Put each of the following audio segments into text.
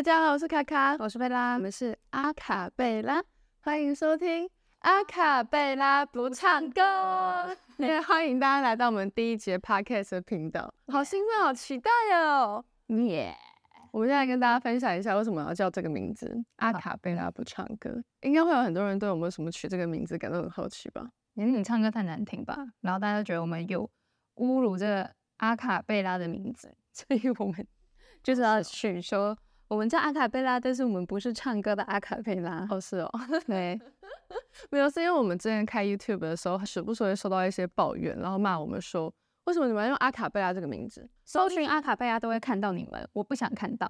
大家好，我是卡卡，我是貝拉，我們是阿卡貝拉，歡迎收聽阿卡貝拉不唱歌。也 歡迎大家來到我們第一集 Podcast 的頻道，對好興奮，好期待哦、喔！耶 Yeah！我們現在跟大家分享一下，為什麼要叫這個名字“好阿卡貝拉不唱歌”？應該會有很多人對我們為什麼取這個名字感到很好奇吧？因為你唱歌太難聽吧？然後大家覺得我們有侮辱這個阿卡貝拉的名字，所以我們就是要取說。我們叫阿卡貝拉，但是我們不是唱歌的阿卡貝拉。哦，是哦，沒 對 沒有，是因為我們之前開 YouTube 的時候，時不時會收到一些抱怨，然後罵我們說，為什麼你們要用阿卡貝拉這個名字？哦，搜尋阿卡貝拉都會看到你們，我不想看到。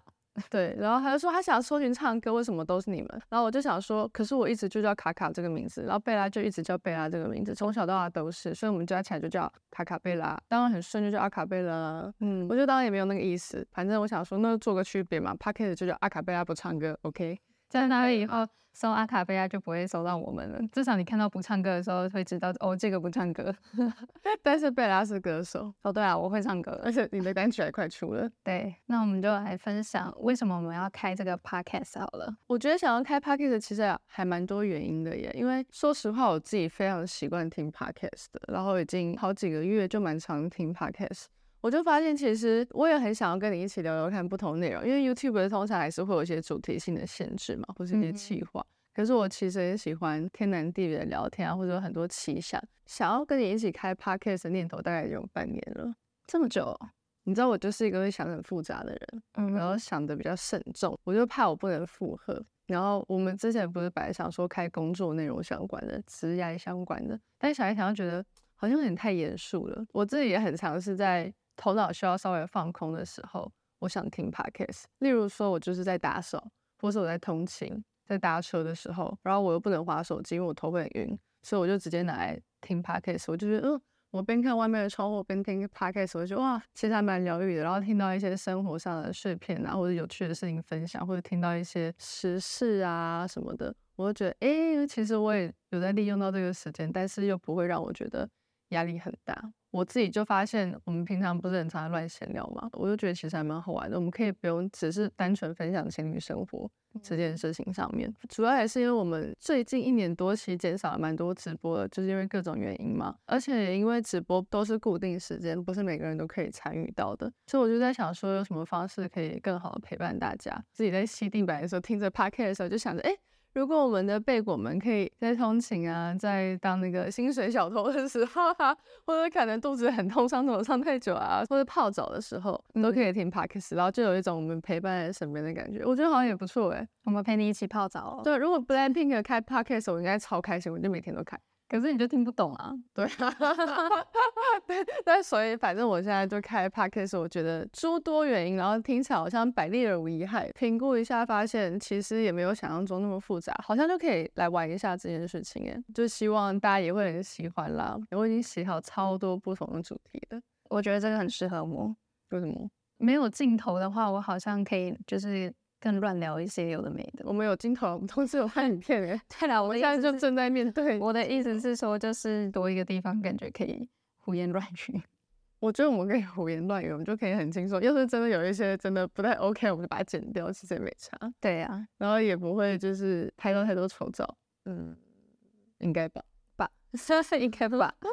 對，然後他就說他想說尋唱歌，為什麼都是你們？然後我就想說，可是我一直就叫卡卡這個名字，然後貝拉就一直叫貝拉這個名字，從小到大都是，所以我們加起來就叫卡卡貝拉。當然很順就叫阿卡貝拉，嗯，我就當然也沒有那個意思，反正我想說那就做個區別嘛。package 就叫阿卡貝拉不唱歌，OK。在那裡以後，搜阿卡貝拉就不會搜到我們了。至少你看到不唱歌的時候，會知道哦，這個不唱歌。 但是貝拉是歌手。哦，oh, 對啊，我會唱歌，而且你的單曲還快出了。 對，那我們就來分享為什麼我們要開這個 podcast 好了。我覺得想要開 podcast，其實還蠻多原因的耶。因為說實話，我自己非常習慣聽 podcast 的，然後已經好幾個月就蠻常聽 podcast。我就發現，其實我也很想要跟你一起聊聊看不同內容，因為 YouTube 通常還是會有一些主題性的限制嘛，或是一些企劃。嗯、哼可是我其實也喜歡天南地北的聊天啊，或者很多奇想。想要跟你一起開 Podcast 的念頭大概有半年了，這麼久、哦。你知道，我就是一個會想得很複雜的人，然後想的比較慎重，嗯、哼我就怕我不能負荷。然後我們之前不是本來想說開工作內容相關的、職業相關的，但想一想要覺得好像有點太嚴肅了。我自己也很嘗試在。頭腦需要稍微放空的時候，我想聽 Podcast。例如說，我就是在打掃，或者我在通勤，在搭車的時候，然後我又不能滑手機，因為我頭會很暈，所以我就直接拿來聽 Podcast。我就覺得，嗯，我邊看外面的窗戶邊聽 Podcast，我就覺得，哇，其實還蠻療癒的。然後聽到一些生活上的碎片啊，然後或者有趣的事情分享，或者聽到一些時事啊什麼的，我就覺得，哎，欸，其實我也有在利用到這個時間，但是又不會讓我覺得壓力很大。我自己就發現，我們平常不是很常亂閒聊嘛，我就覺得其實還蠻好玩的。我們可以不用只是單純分享情侶生活這件事情上面，主要還是因為我們最近一年多其實減少了蠻多直播的，就是因為各種原因嘛。而且因為直播都是固定時間，不是每個人都可以參與到的，所以我就在想說，有什麼方式可以更好的陪伴大家。自己在洗地板的時候，聽着 Podcast 的時候，就想着，哎。如果我們的貝果們可以在通勤啊，在當那個薪水小偷的時候，哈哈，或者可能肚子很痛、上廁所上太久啊，或者泡澡的時候，你都可以聽 Podcast，然後就有一種我們陪伴在身邊的感覺。我覺得好像也不錯誒、欸、我們陪你一起泡澡、哦。對，如果 Blackpink 開 Podcast，我應該超開心，我就每天都開。可是你就聽不懂啊？對啊， 對，但所以反正我現在就開 podcast，我覺得諸多原因，然後聽起來好像百利而無一害。評估一下，發現其實也沒有想象中那麼複雜，好像就可以來玩一下這件事情耶。就希望大家也會很喜歡啦。我已經寫好超多不同的主題了，我覺得這個很適合我。為什麼？沒有鏡頭的話，我好像可以就是。更亂聊一些有的沒的我，我們有鏡頭，同時有拍影片耶。嗯、對了，我，的意思我們現在就正在面對。我的意思是說，就是多一個地方，感覺可以胡言亂語。 我覺得我們可以胡言亂語，我們就可以很輕鬆。要是真的有一些真的不太 OK，我們就把它剪掉，其實也沒差。對啊，然後也不會就是拍到太多醜照。嗯，應該吧吧， 應該吧。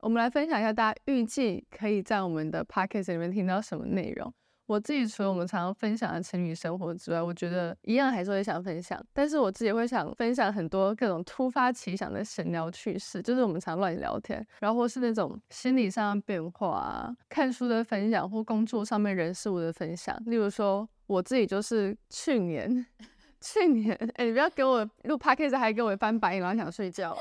我們來分享一下，大家預計可以在我們的 podcast 裡面聽到什麼內容。我自己除了我們常常分享的情侶生活之外，我覺得一樣還是會想分享。但是我自己會想分享很多各種突發奇想的閒聊趣事，就是我們常亂聊天，然後或是那種心理上的變化啊，看書的分享或工作上面人事物的分享。例如說，我自己就是去年，去年，哎、欸，你不要給我錄 podcast 還給我翻白眼，然後想睡覺。不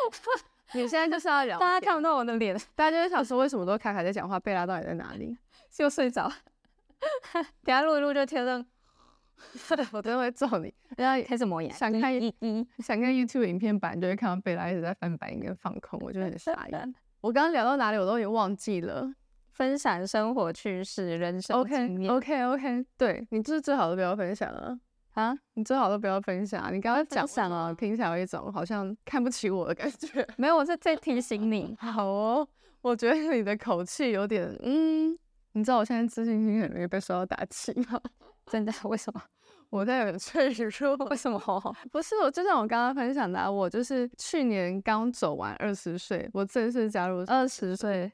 你現在就是要聊，大家看不到我的臉，大家就是想說為什麼都卡卡在講話，貝拉到底在哪裡？就睡着。 等下錄一錄就天亮，我真的會揍你。然後開始磨牙，想看一想看 YouTube 影片版，就會看到貝拉一直在翻白眼跟放空，我就很傻眼。我剛剛聊到哪裡，我都已經忘記了。分享生活趣事、人生經驗 OK OK OK，對，你就是最好都不要分享了啊，你最好都不要分享、啊。你剛剛講啊，聽起來有一種好像看不起我的感覺。沒有、啊，我是在提醒你。好哦，我覺得你的口氣有點嗯。嗯你知道我現在自信心很容易被受到打擊嗎？ 真的？為什麼？我在問翠說為什麼？不是我，就像我剛剛分享的、啊，我就是去年剛走完二十歲，我正式加入二十歲，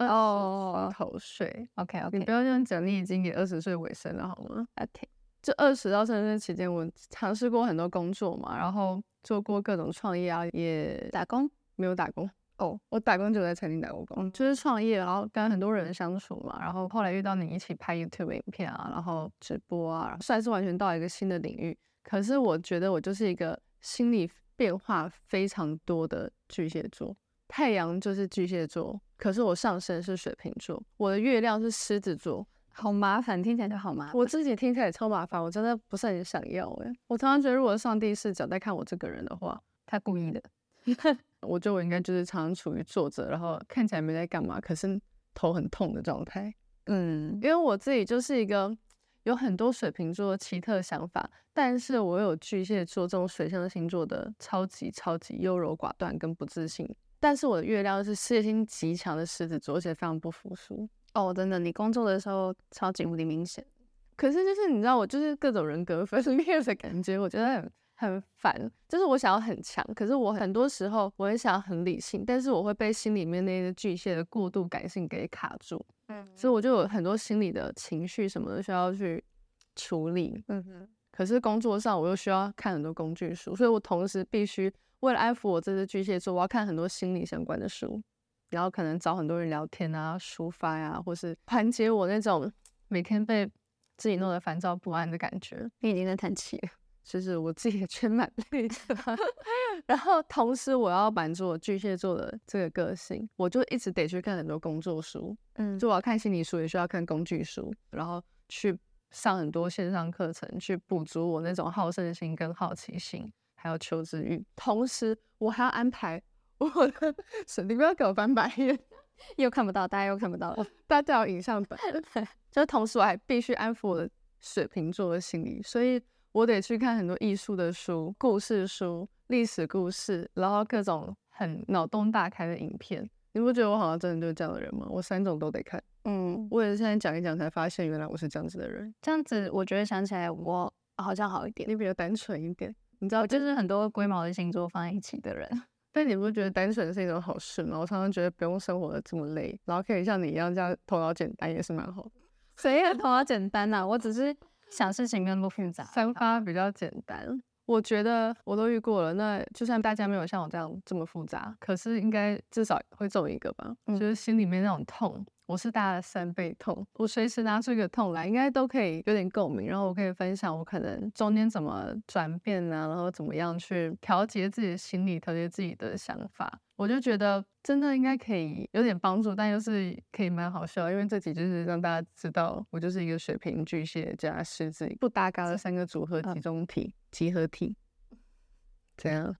哦，二十頭歲。OK OK，你不要這樣講，你已經也二十歲尾聲了好嗎？OK，就二十到三十歲期間，我嘗試過很多工作嘛，然後做過各種創業啊，也打工？沒有打工。哦，oh, 我打工就在餐廳打過工，嗯、就是創業，然後跟很多人相處嘛，然後後來遇到你一起拍 YouTube 影片啊，然後直播啊，算是完全到一個新的領域。可是我覺得我就是一個心理變化非常多的巨蟹座，太陽就是巨蟹座，可是我上升是水瓶座，我的月亮是獅子座，好麻煩，聽起來就好麻煩。我自己聽起來也超麻煩，我真的不是很想要誒、欸，我常常覺得，如果上帝視角在看我這個人的話，他故意的。 我覺得我應該就是常常處於坐着，然後看起來沒在幹嘛，可是頭很痛的狀態。嗯，因為我自己就是一個有很多水瓶座的奇特的想法，但是我有巨蟹座這種水象星座的超級超級超級優柔寡斷跟不自信，但是我的月亮是事業心極強的獅子座，而且非常不服輸。哦，真的，你工作的時候超級無敵明顯。可是就是你知道我就是各種人格分裂的感覺，我覺得。很煩，就是我想要很強，可是我很多時候我也想要很理性，但是我會被心裡面那些巨蟹的過度感性給卡住，嗯哼，所以我就有很多心理的情緒什麼的需要去處理，嗯哼，可是工作上我又需要看很多工具書，所以我同時必須為了安撫我這隻巨蟹座，我要看很多心理相關的書，然後可能找很多人聊天啊，抒發啊，或是緩解我那種每天被自己弄得煩躁不安的感覺。嗯，你已經在嘆氣了。就是我自己也覺得蠻累的，然後同時我要滿足我巨蟹座的這個個性，我就一直得去看很多工作書，嗯，就我要看心理書，也需要看工具書，然後去上很多線上課程，去補足我那種好勝心、跟好奇心，還有求知欲。同時，我還要安排我的，你不要給我翻白眼，又看不到，大家又看不到，大家要影像版的，就就同時，我還必須安撫我的水瓶座的心理，所以。我得去看很多藝術的書、故事書、歷史故事，然後各種很腦洞大開的影片。嗯、你不覺得我好像真的就是這樣的人嗎？我三種都得看。嗯，我也是現在講一講才發現，原來我是這樣子的人。這樣子，我覺得想起來我好像好一點，你比較單純一點，你知道，就是很多龜毛的星座放在一起的人。 但你不覺得單純是一種好事嗎？我常常覺得不用生活得這麼累，然後可以像你一樣這樣頭腦簡單也是蠻好的。 誰頭腦簡單啊？我只是。想事情更不複雜，三發比較簡單。吧我覺得我都遇過了。那就算大家沒有像我這樣這麼複雜，可是應該至少會中一個吧？嗯、就是心裡面那種痛。我是大家三倍痛，我隨時拿出一個痛來，應該都可以有點共鳴。然後我可以分享我可能中間怎麼轉變啊，然後怎麼樣去調節自己的心理，調節自己的想法。我就覺得真的應該可以有點幫助，但又是可以蠻好笑，因為這集就是讓大家知道我就是一個水瓶巨蟹加獅子不搭嘎的三個組合集中體、嗯、集合體。怎樣？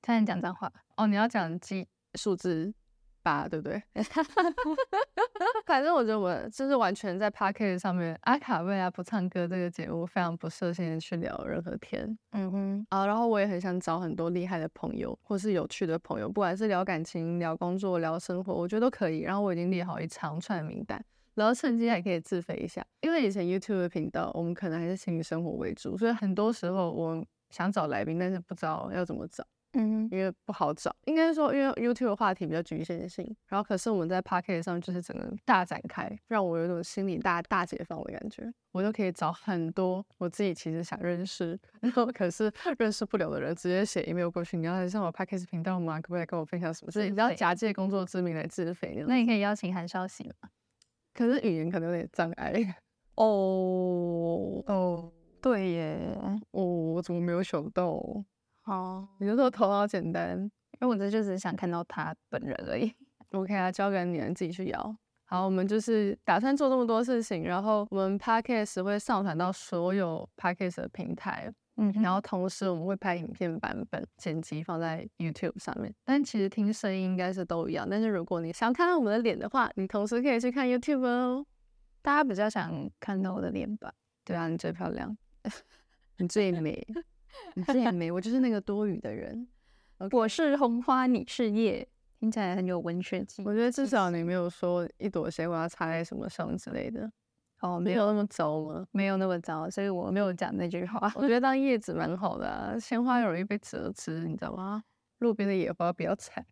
他能講髒話哦？你要講幾數字？吧，對不對？ 反正我覺得我就是完全在 Podcast 上面，阿、啊、卡貝拉、啊、不唱歌這個節目非常不設限的去聊任何天，嗯哼啊，然後我也很想找很多厲害的朋友或是有趣的朋友，不管是聊感情、聊工作、聊生活，我覺得都可以。然後我已經列好一長串的名單，然後趁機還可以自肥一下，因為以前 YouTube 的頻道我們可能還是情侶生活為主，所以很多時候我想找來賓，但是不知道要怎麼找。嗯，因為不好找，應該說，因為 YouTube 的話題比較侷限性，然後可是我們在 Podcast 上就是整個大展開，讓我有種心理大大解放的感覺。我就可以找很多我自己其實想認識，然後可是認識不了的人，直接寫 email 過去，你要來上我 Podcast 頻道嗎？可不可以跟我分享什麼事情？你知道假借工作之名來自肥？那你可以邀請韓韶禧嗎？可是語言可能有點障礙。哦哦，對耶，哦，oh, 我怎麼沒有想到？哦，oh。你就說頭腦簡單，因為我這就只是想看到他本人而已。OK 啊，交給你們自己去搖。好，我們就是打算做這麼多事情，然後我們 Podcast 會上傳到所有 Podcast 的平台，嗯哼，然後同時我們會拍影片版本，剪輯放在 YouTube 上面。但其實聽聲音應該是都一樣，但是如果你想看到我們的臉的話，你同時可以去看 YouTube 哦。大家比較想看到我的臉吧？對啊，你最漂亮， 你最美。 你發現沒？我就是那個多餘的人。Okay、我是紅花，你是葉，聽起來很有文學氣息。我覺得至少你沒有說一朵鮮花插在什麼上之類的。 哦，沒有那麼糟嗎？ 沒有那麼糟，所以我沒有講那句話。 我覺得當葉子蠻好的、啊，鮮花容易被折枝，你知道嗎？ 路邊的野花比較慘。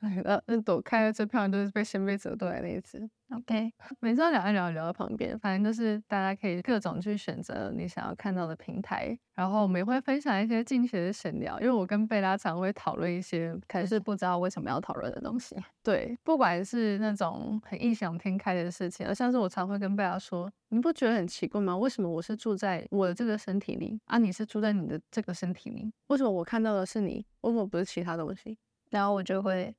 哎、 啊，那那朵開的最漂亮，就是被先被折斷的那一次。OK，每次要聊一聊，聊到旁邊，反正就是大家可以各種去選擇你想要看到的平台，然後我們也會分享一些近期的閒聊，因為我跟貝拉常會討論一些，可是不知道為什麼要討論的東西。 對，不管是那種很異想天開的事情，而像是我常會跟貝拉說，你不覺得很奇怪嗎？為什麼我是住在我的這個身體裡，而、啊、你是住在你的這個身體裡？為什麼我看到的是你，為什麼不是其他東西？然後我就會。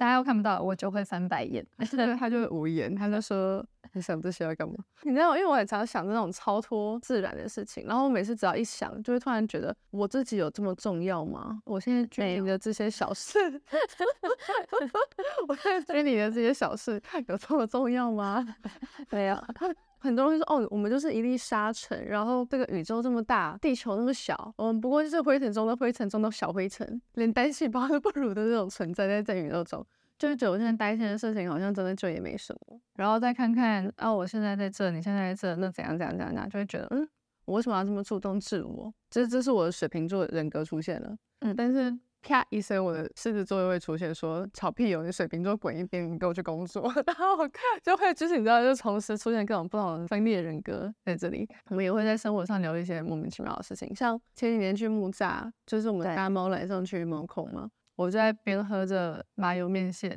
大家又看不到，我就會翻白眼， 他就會無言。他就說：“你想這些要幹嘛？” 你知道，因為我也常常想這種超脫自然的事情，然後我每次只要一想，就會突然覺得，我自己有這麼重要嗎？我現在覺得你的這些小事，有 我現在覺得你的這些小事有這麼重要嗎？ 沒有。很多人會說，哦，我們就是一粒沙塵，然後這個宇宙這麼大，地球那麼小，我們不過就是灰塵中的灰塵中的小灰塵，連單細胞都不如的這種存在，在在宇宙中，就覺得我現在擔心的事情，好像真的就也沒什麼。然後再看看，啊、哦，我現在在這，你現在在這，那怎樣怎樣怎樣，就會覺得，嗯，我為什麼要這麼注重自我？這這是我的水瓶座人格出現了，嗯，但是。啪一聲，我的獅子座就會出現，說：“吵屁油，你水瓶座滾一邊，你給我去工作。 ”然後就會就是你知道，就同時出現各種不同的分裂的人格在這裡。嗯、我們也會在生活上聊一些莫名其妙的事情，像前幾年去木柵，就是我們大貓來上去貓空嘛。對我就在邊喝着麻油麵線，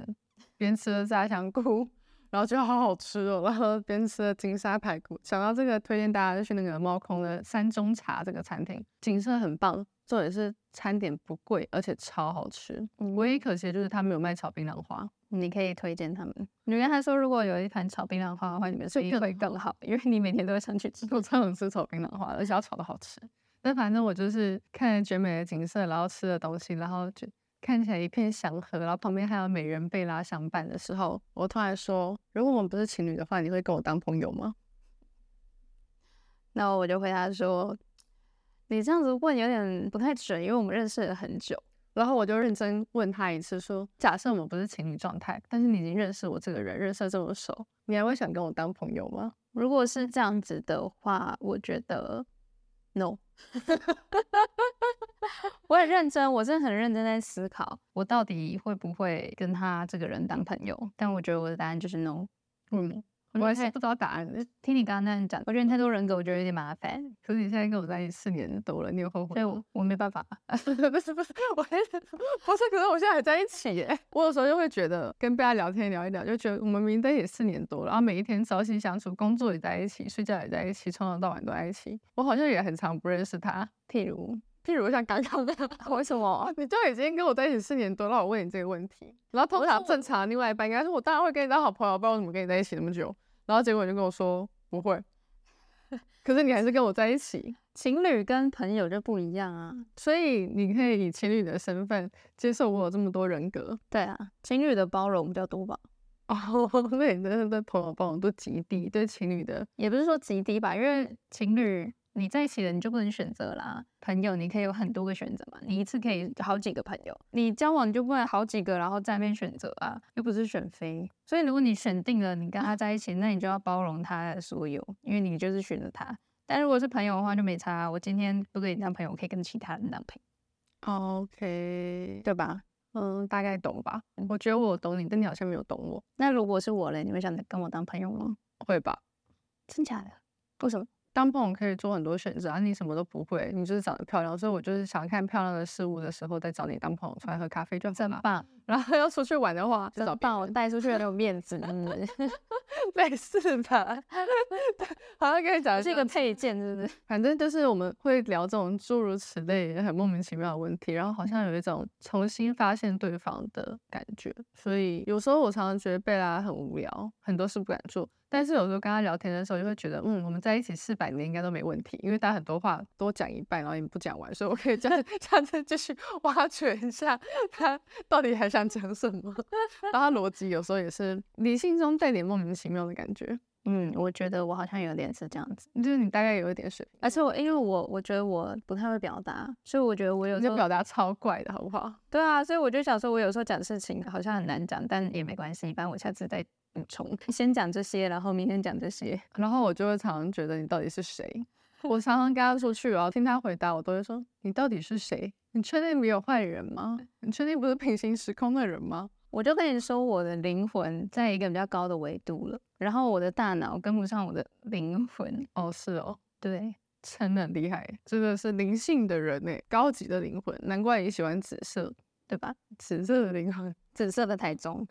邊吃著炸香菇，然後覺得好好吃哦。然後邊吃著金沙排骨，想到這個，推薦大家就去那個貓空的山中茶這個餐廳，景色很棒。這也是餐點不貴，而且超好吃。嗯、唯一可惜的就是他沒有賣炒檳榔花，你可以推薦他們。你跟他說如果有一盤炒檳榔花的話，你們生意會更好，對因為你每天都會想去吃。我超想吃炒檳榔花，而且要炒的好吃。 但反正我就是看絕美的景色，然後吃的東西，然後就看起來一片祥和。然後旁邊還有美人貝拉相伴的時候，我突然說，如果我們不是情侶的話，你會跟我當朋友嗎？那我就回答說。你這樣子問有點不太準，因為我們認識了很久，然後我就認真問他一次，說：假設我們不是情侶狀態，但是你已經認識我這個人，認識了這麼熟，你還會想跟我當朋友嗎？如果是這樣子的話，我覺得 no。 我很認真，我是很認真在思考，我到底會不會跟他這個人當朋友？嗯、但我覺得我的答案就是 no，不。嗯我,我還是不知道答案。聽你剛剛那樣講，我覺得你太多人格，我覺得有點麻煩。可是你現在跟我在一起四年多了，你有後悔？所以我我沒辦法。不是 不是，我還不是。不是不是 可是我現在還在一起耶。 我有時候就會覺得跟大家聊天聊一聊，就覺得我們明明在一起四年多了，然後每一天朝夕相處，工作也在一起，睡覺也在一起，從早到晚都在一起。我好像也很常不認識他。譬如譬如，像剛剛那，剛剛的 為什麼？你都已經跟我在一起四年多了，我問你這個問題？然後通常正常另外一半應該是我當然會跟你當好朋友，不然我怎麼跟你在一起那麼久？然後結果你就跟我說不會，可是你還是跟我在一起。 情侶跟朋友就不一樣啊，所以你可以以情侶的身份接受我有這麼多人格。對啊，情侶的包容比較多吧？ 哦，對，對對，朋友包容度極低，對情侶的也不是說極低吧，因為情侶。你在一起了，你就不能選擇啦。朋友，你可以有很多個選擇嘛。你一次可以好幾個朋友，你交往你就不能好幾個，然後在那邊選擇啊，又不是選妃。所以如果你選定了，你跟他在一起，那你就要包容他的所有，因為你就是選了他。但如果是朋友的話，就沒差。我今天不跟你當朋友，我可以跟其他人當朋友。OK，對吧？嗯，大概懂吧。我覺得我懂你，但你好像沒有懂我。那如果是我嘞，你會想跟我當朋友嗎？會吧？真假的？為什麼？當朋友可以做很多選擇啊！你什麼都不會，你就是長得漂亮，所以我就是想看漂亮的事物的時候再找你當朋友出來喝咖啡就，這樣真棒。然後要出去玩的話，棒就找我帶出去很有面子， 嗯，沒事吧？好像可以找是一個配件，是不是？反正就是我們會聊這種諸如此類也很莫名其妙的問題，然後好像有一種重新發現對方的感覺。嗯、所以有時候我常常覺得貝拉很無聊，很多事不敢做。但是有時候跟他聊天的時候，就會覺得，嗯，我們在一起四百年應該都沒問題，因為他很多話多講一半，然後也不講完，所以我可以這樣這樣子繼續挖掘一下他到底還想講什麼。 然後他邏輯有時候也是理性中帶點莫名其妙的感覺。嗯，我覺得我好像有點是這樣子，就是你大概有一點水，而且我因為我我覺得我不太會表達，所以我覺得我有時候，你就表達超怪的，好不好？對啊，所以我就想說，我有時候講事情好像很難講，但也沒關係，一般我下次再補充，先講這些，然後明天講這些，嗯，然後我就會常常覺得你到底是誰。 我常常跟他出去，我要聽他回答，我都會說，你到底是誰？你確定沒有壞人嗎？你確定不是平行時空的人嗎？我就跟你說，我的靈魂在一個比較高的維度了，然後我的大腦跟不上我的靈魂。哦，是哦，對，真的很厲害，真的是靈性的人哎，高級的靈魂，難怪你喜歡紫色，對吧？紫色的靈魂，紫色的台中。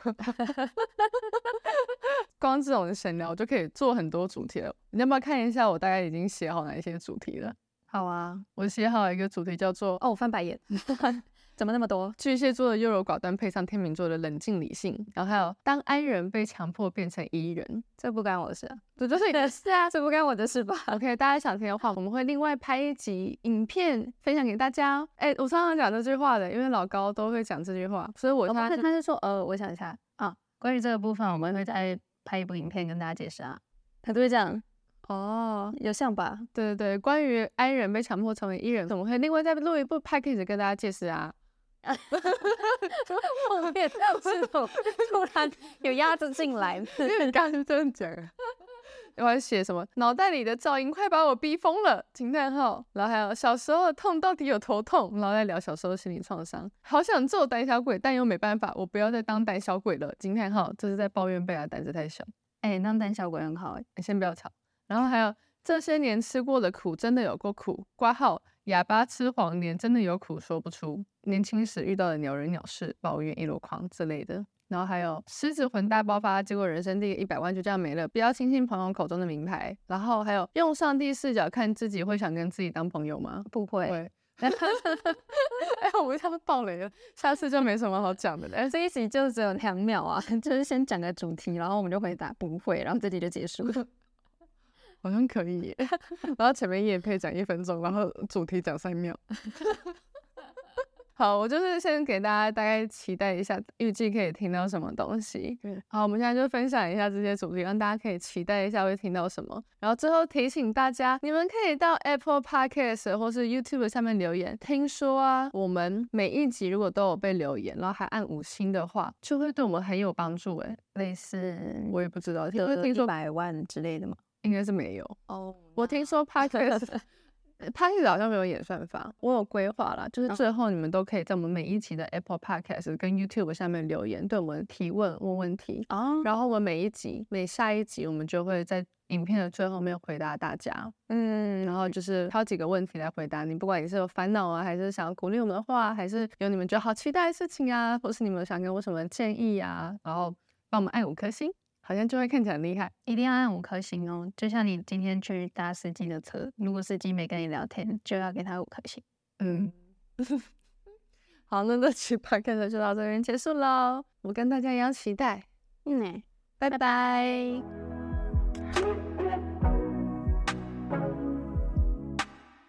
光這種神聊，我就可以做很多主題了。你要不要看一下我大概已經寫好哪一些主題了？好啊，我寫好一個主題叫做……哦，我翻白眼。 怎麼那麼多？巨蟹座的優柔寡斷配上天秤座的冷靜理性，然後還有當 I 人被強迫變成 E 人，這不關我的事，這就是你的事啊，這、啊、不關我的事吧？OK，大家想聽的話，我們會另外拍一集影片分享給大家。哎，我常常講這句話的，因為老高都會講這句話，所以我看他就、oh, okay, 他是說，呃，我想一下啊，關於這個部分，我們會再拍一部影片跟大家解釋啊，他都會這樣。哦，oh, 有像吧？對對對，關於 I 人被強迫成為 E 人，怎麼會另外再錄一部 package 跟大家解釋啊？啊哈哈！ 我們也這樣子、哦， 突然有鴨子進來。 因為你剛剛、啊、 我還寫什麼腦袋裡的噪音快把我逼瘋了，驚嘆號。然後還有小時候的痛到底有多痛，然後在聊小時候的心理創傷，好想做膽小鬼，但又沒辦法，我不要再當膽小鬼了，驚嘆號。這是在抱怨貝拉膽子太小。哎、欸，當膽小鬼很好、欸，先不要吵。然後還有這些年吃過的苦，真的有夠苦，括號。啞巴吃黃連，真的有苦說不出。年輕時遇到的鳥人鳥事，抱怨一籮筐之類的。然後還有獅子魂大爆發，結果人生第一百萬就這樣沒了。比較親信朋友口中的名牌。然後還有用上帝視角看自己，會想跟自己當朋友嗎？不會。哎，我們一下爆雷了，下次就沒什麼好講的了。 這一集就只有兩秒啊，就是先講個主題，然後我們就回答不會，然後這集就結束了。 好像可以耶，然後前面也可以講一分鐘，然後主題講三秒。好，我就是先給大家大概期待一下，預計可以聽到什麼東西。好，我們現在就分享一下這些主題，讓大家可以期待一下會聽到什麼。然後最後提醒大家，你們可以到 Apple Podcast 或是 YouTube 下面留言。聽說啊，我們每一集如果都有被留言，然後還按五星的話，就會對我們很有幫助。哎，類似我也不知道，聽說百萬之類的嗎？應該是沒有哦。Oh, no. 我聽說 podcast podcast 好像沒有演算法，我有規劃啦，就是最後你們都可以在我們每一期的 Apple Podcast 跟 YouTube 下面留言，對我們提問問問題啊。Oh? 然後我們每一集每下一集，我們就會在影片的最後面回答大家。嗯，然後就是挑幾個問題來回答你，不管你是有煩惱啊，還是想要鼓勵我們的話，還是有你們覺得好期待的事情啊，或是你們想給我什麼建議呀、啊，然後幫我們按五顆星。好像就會看起來厲害，一定要按五顆星哦。就像你今天去搭司機的車，如果司機沒跟你聊天，就要給他五顆星。嗯， 好，那這期 podcast 就到這邊結束嘍。我跟大家一樣期待，嗯、欸，bye bye 拜拜。